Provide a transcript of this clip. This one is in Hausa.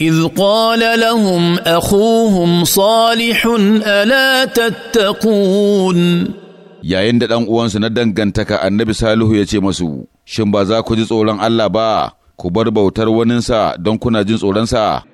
إذ قال لهم أخوهم صالح ألا yayin da ɗan uwansu na dangantaka annabi Salihu ya ce masu, Shin ba za ku ji tsoron Allah ba, ku bar bautar wani sa don kuna jin tsoron sa?"